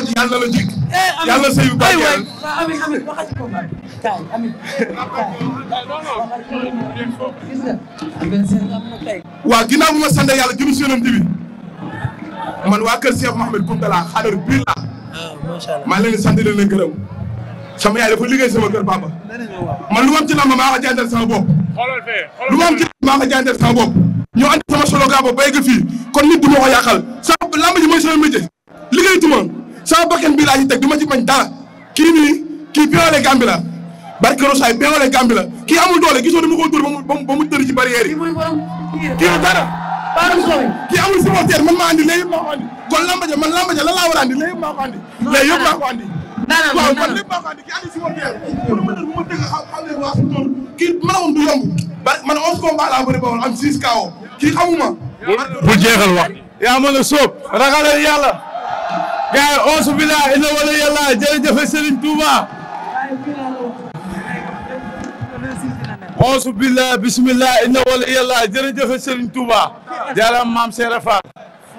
jabar ji yàlla la jig eh, yàlla sëy bu baax amin amin waxal ci combat kaay amin waaw ginnaaw bu ma sant yàlla jëm si yonent bi man waa kër Cheikh Mouhamed Koundala xadar biir la maa leen di sant di leen gërëm sama yaay dafa liggéey sama kër papa man lu ma am ci lamb maa ko jaayanteel sama bopp lu ma am ci lamb maa ko jaayanteel sama bopp ñoo andi sama solo gaa ba béy fii kon nit du ma sama lamb sama bakkan bii laa ci teg du ma ci bañ dara kii nii kii piole gambi la barke rosaay piole gambi la kii amul doole gisoo dama ko dóor ba mu ba mu tëri ci barrière yi kii du kii amul supporter man maa andi léegi maa ko andi kon lamba la laa war a andi léegi maa ko andi léegi yëpp maa ko andi waaw man lépp maa ko andi kii andi supporter a du yomb bari man onze combat laa ba woon am six KO kii xamuma bu jeexal wax yaa mën a sóob ragalal gaay auzu billahi inna wala yàlla jërëjëf Serigne Touba auzu billahi bismillah inna wala yàlla jërëjëf Serigne Touba jaaram maam Seera Faal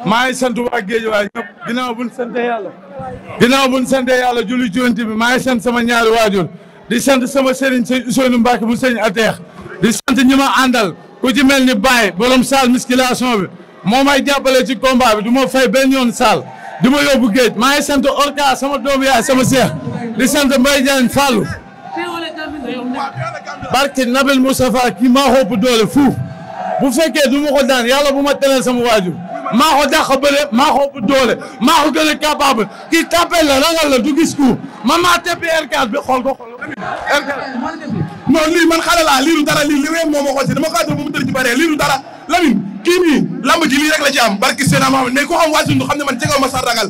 maa ngi sant waa géej waay ñëpp ginnaaw buñ sante yàlla ginnaaw buñ sante yàlla julli jonti bi maa ngi sant sama ñaari waajur di sant sama sëriñ sëñ Ousseynou Mbacke bu sëñ Ateex di sant ñi ma àndal ku ci mel ni Baye borom salle musculation bi moo may jàppale ci combat bi du ma fay benn yoon salle di ma yóbbu géej maa ngi sant Orka sama doomu yaay sama seex di sant Mbaye Diagne Fallou barke Nabil Moustapha kii maa xopp doole fuuf bu fekkee du ma ko daan yàlla bu ma teneel sama waajur maa ko dàq bëre maa ko ëpp doole maa ko gën a capable kii tapel la ragal la du gis ko man maa teppi R4 bi xool ko xool R4 non lii man xale laa lii du dara lii li réew moo ma ko si dama ko adda ba mu tër ci bare lii du dara Lamine la ci am barki Seydina Mohamed mais ku xam Waly Soundour ne man ma sax ragal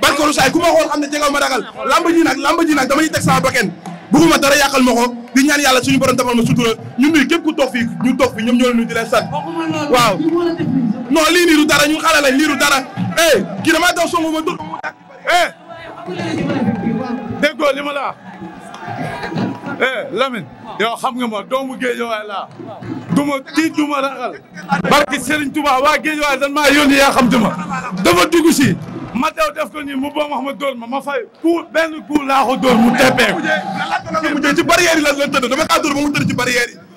barki Roussaay ku ma xool xam ne jegew ma ragal lamba ji nag lamba ji nag dama ñu teg sama bakkan bëgguma dara yàqal ma ko di ñaan yàlla suñu borom defal ma sutura ñun ñii képp ku toog ñu toog fii ñoom ñoo leen di leen sant waaw non lii nii du dara ñun xale lañ lii du dara eh kii damaa daw songu ma dur eh déggoo li ma la eh Lamine yow xam nga ma doomu géej waay laa du ma tiit du ma barki Serigne Touba waa géej waaye dan maa yónni yaa xam duma dafa dugg si ma daw def ko nii mu boo wax ma dóor ma fay ku benn ku laa ko dóor mu teppee mu mujjee ci barrière yi la kaa dóor ba mu tëdd ci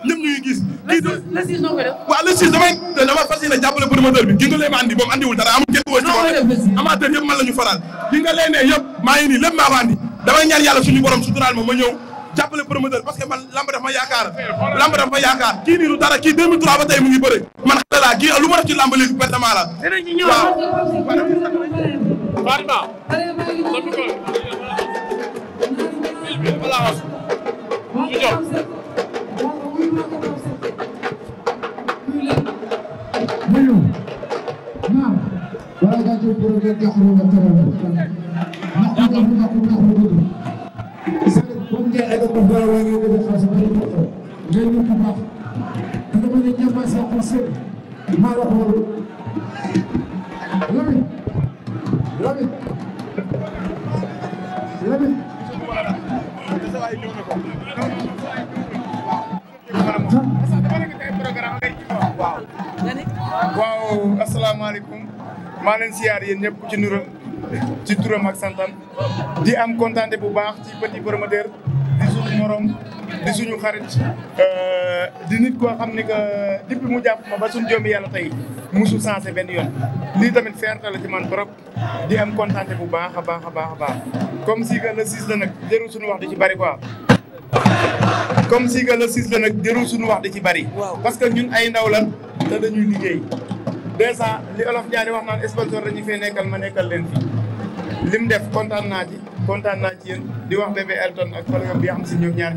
ngi gis kii waaw le nga lee ma andi moom andiwul dara amul kenn woo la ñu faral gi nga lee ne yëpp maa ngi nii lépp maa ko andi damay ñaan yàlla suñu borom suturaal ma ma ñëw cappale promoteur parce que man lamb daf yaakaar lamb daf yaakaar kii nii du dara kii 2003 ba tey mu ngi bëre man xale laa kii lu ma def ci lamb léegi pertement la ngay nit bu baax waaw asalaamaaleykum maa leen siyaar yéen ñëpp ci nuram ci turam ak santam di am kontaan bu baax ci petit promoteur suñu morom di suñu xarit euh, di nit koo xam ni que depuis mu jàpp ma ba suñ joomi yàlla tey musu sensé benn yoon lii tamit fierté la ci man trop di am kontaan bu baax a baax a baax a baax comme si que le la nag jërul suñu wax di ci bari quoi comme si que le 6 la nag jërul suñu wax di ci bari parce que ñun ay ndaw la te dañuy liggéey dèjà li olof ñaari wax naan sponsor dañuy fee nekkal ma nekkal leen fi lim def kontaan naa ci kontaan naa ci di wax bébé Elton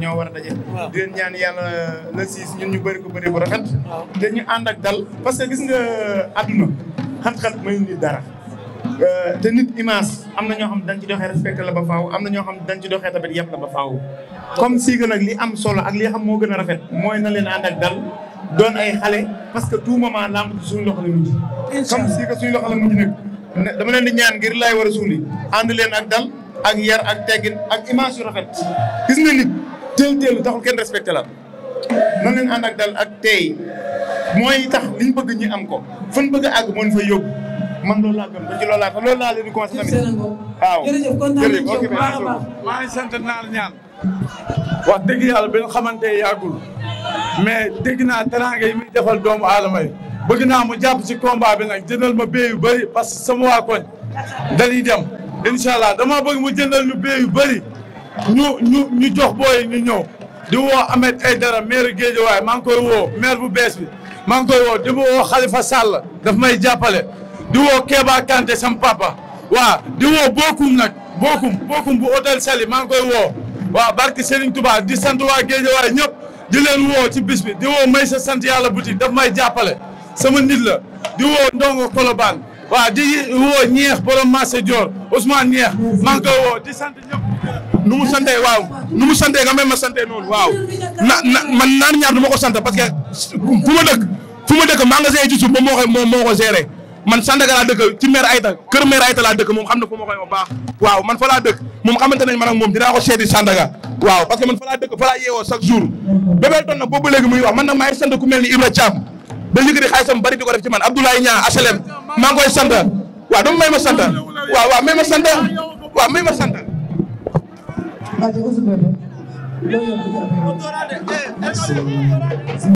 ñoo war a daje. di leen ñaan yàlla ñu bëri ko bëri bu rafet. te ñu ànd parce que gis nga àdduna xat-xat mayu ni dara. Euh, te am na ñoo xam dañ ci doxee respecté ba faaw am na ñoo xam dañ ci doxee tamit yàpp la ba faaw comme si nag li am solo ak li xam moo gën a rafet mooy na leen ànd ak dal doon ay xale parce que tout moment lamb ci suñu loxo la mujj comme la mujj nag dama leen di ñaan ngir war a suuli ànd ak dal ak yar ak teggin ak image yu rafet gis nga nit teel teelu taxul kenn respecté la nan leen ànd ak dal ak teey mooy tax liñ bëgg ñu am ko fan bëgg a àgg mën fa yóbbu man loolu laa gëm ba ci loolu laa tax loolu laa leen di sant naa ñaan wax dëgg yàlla bi nga xamante yàggul mais dégg naa teraanga yi defal doomu aadama yi bëgg naa mu jàpp si combat bi nag jëndal ma béy yu bëri parce que sama waa koñ dañuy dem incha allah dama bëgg mu jëndal ñu bee bëri ñu ñu ñu jox booy nu ñëw di woo Ahmed Aïdara maire Guédiawaye maa ngi koy woo maire bu bees bi maa ngi koy woo di woo Khalifa Sall daf may jàppale di woo Kéba Kanté sam papa di woo Bokum nag Bokum Bokum bu hôtel Sali maa ngi koy woo waaw barke Serigne Touba di sant waa Guédiawaye ñëpp di leen woo ci bis bi di woo may sa sant yàlla boutique daf may jàppale sama nit la di woo Ndongo Kolobane waaw di woo ñeex borom marché Dior Ousmane ñeex maa ngi koy woo di sant ñëpp nu mu sante waaw nu mu sante nga même ma sante noonu waaw na na man naan ñaar du ma ko sant parce que fu ma dëkk fu ma dëkk magasin ci suuf moom moo ko moom moo man Sandaga laa dëkk ci maire Ayta kër maire Ayta laa dëkk moom xam na fu ma koy wa baax waaw man fa laa dëkk moom xamante nañ man ak moom dinaa ko seeti Sandaga waaw parce que man fa laa dëkk fa laa yeewoo jour bébel ton na boobu léegi muy wax man nag maa ngi koy sant waaw dama may ma sant waaw waaw may ma sant waaw may ma sant.